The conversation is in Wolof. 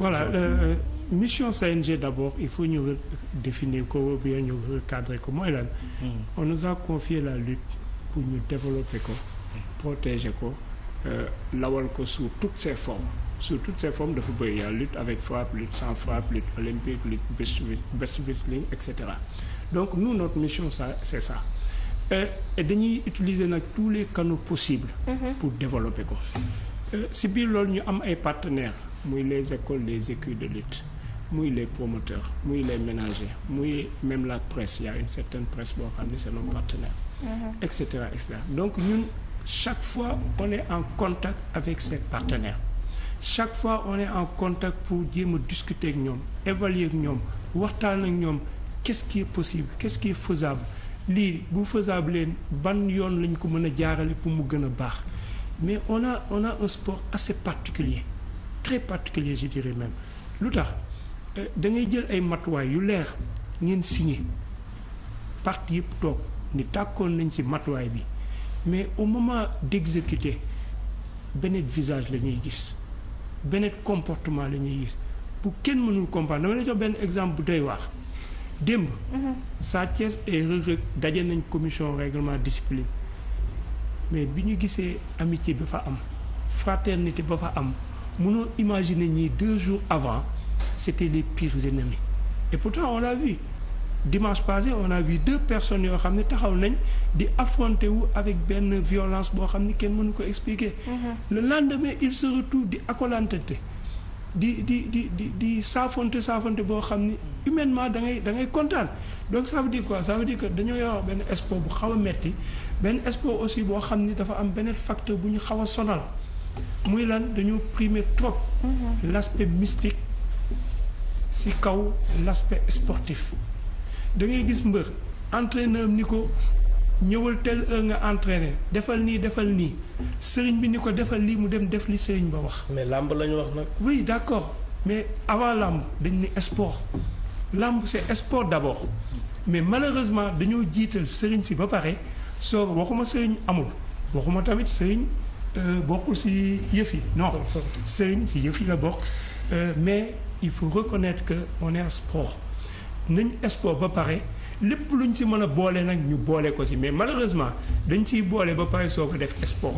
voilà euh, mission CNG d'abord il faut ñu définir ko bien ñu recadrer ko mooy lan hmm. on nous a la lutte pour ñu développer ko protéger ko euh, lawal ko sous toutes ses formes sous toutes ses formes dafa bëri yaa lutte avec frappe lutte sans frappe lutte olympique lutte best wrestling et cetera donc nous notre mission ça c'est ça euh, et dañuy utiliser nag tous les canaux possibles mm-hmm. pour développer ko euh, si biir loolu ñu am ay partenaires muy les écoles des écuries de lutte muy les promoteurs muy les ménager muy même la presse y a une certaine presse boo xam ne c'est nos partenaires mm-hmm. et cetera et cetera donc ñun chaque fois on est en contact avec ces partenaires chaque fois on est en contact pour jéem a discuter ak ñoom évaluer ak ñoom waxtaan ak ñoom qu'est-ce qui est possible quest qui est faisable lii bu faisable leen ban yoon lañ ko mën a jaarale pour mu gën a baax mais on a on a un sport assez particulier très particulier je dirais lu tax euh, da ngay jël ay matuwaay yu leer ngeen signé parti yëpp toog ni tàkkoon nañ si matuwaay bi mais au moment d'exécuter beneen visage la ñuy gis beneen comportement la ñuy gis bu kenn mënul comprendre dama lay jox benn exemple bu doy wax démb. Mhm. Sa Thiès et Reug Reug daje nañ commission règlement discipline mais bi ñu gisee amitié ba fa am fraternité ba fa am. mënoo imaginer ñii deux jours avant c'était les pires ennemis et pourtant on l'a vu dimanche passé on a vu deux personnes yoo xam ne taxaw nañ di affronter wu avec benn violence boo xam ni kenn mënu ko expliquer mhm. la lendemain il se retrouve di accolantante di di di di di saafonte saafonte boo xam ni humainement da ngay da ngay kontaan donc ça veut dire quoi ça veut dañoo yor benn espoir bu xaw a metti benn espoir aussi boo xam ni dafa am beneen facteur bu ñu xaw a sonal muy lan dañoo primer trop mhm. l' aspect mystique si kaw l' aspect sportif da ngay gis mbër entraîneur ni ko ñëwal tele heure nga entraîné defal nii defal nii sëriñ bi ni ko defal lii mu dem def li sëriñ ba wax. mais làmb la ñu wax nag. oui d' accord mais avant làmb dañ ni sport làmb c' est sport d' abord mais malheureusement dañoo jiital sëriñ si ba pare soo waxuma sëriñ amul waxuma tamit sëriñ. Euh, bokkul si yëf yi non sëriñ si yëf yi la bokk euh, mais il faut reconnaître que on est sport nañ sport ba pare lépp luñ si mën a boole nag ñu boole ko si mais malheureusement dañ siy boole ba pare soo ko def sport